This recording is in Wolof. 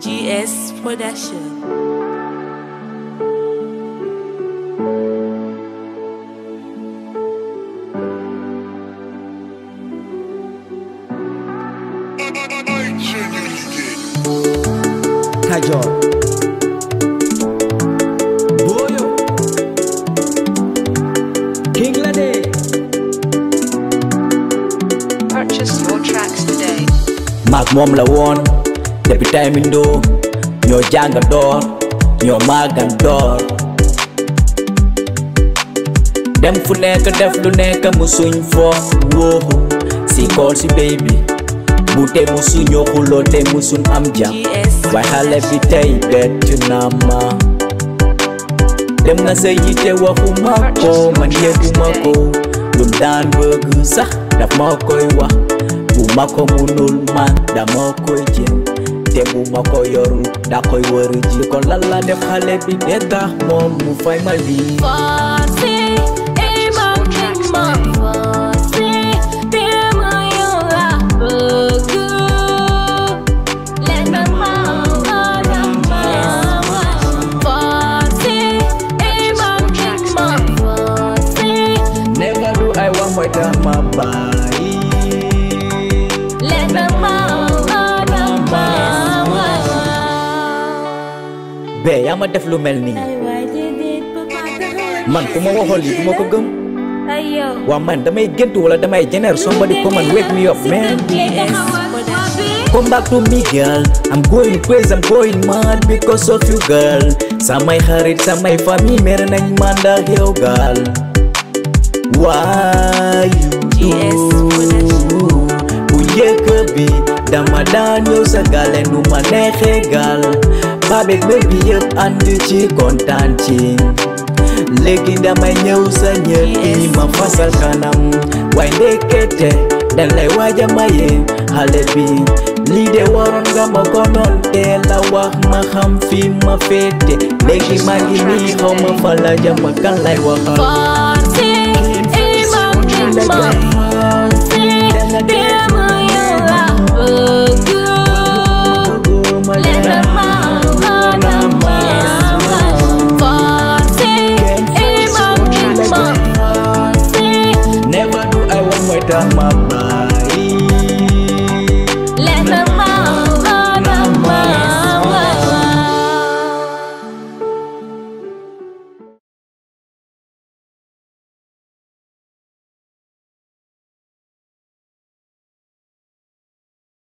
GS Production. Hi Kajol. purchase your tracks today. Mark mom la won, every time in do, your janga door, your mag and door. Dem funeka def luneka musuñ fo, wo, si call si baby. Bute musu nyoku lote musun amja Why hal every day bet you nama Dem nga sa yite wakumako man yegumako Lumdan bëgg sax Da dafmoko iwa ko munul man damoko ijien te bumako yoru dakoy woru ji kon lalla def xale bi deta moom mu fay ma lii ไม่ได้มาบายและมามามามาเบยามาเดฟลูเมลนี่มันกูมาว่าฮอลลีกูมาก็กึม Wa man damay gentu wala damay jenner somebody come and wake me up man Come back to me girl I'm going crazy I'm going mad because of you girl Samay harit samay family meron ng manda yo girl Wow bi damadan yow sa gale nu ma neexee gal babek bébi yëpp ànd ci kontaan ci léegi damay ñëw sa ñër yi ma fasal kanam waaye ndekete dañ lay waaja maye xale bi lii de waroon nga ma konoon tee la wax ma xam fi ma féete léegi maa ngi nii xaw ma fa la jama kan lay waxal mamãe.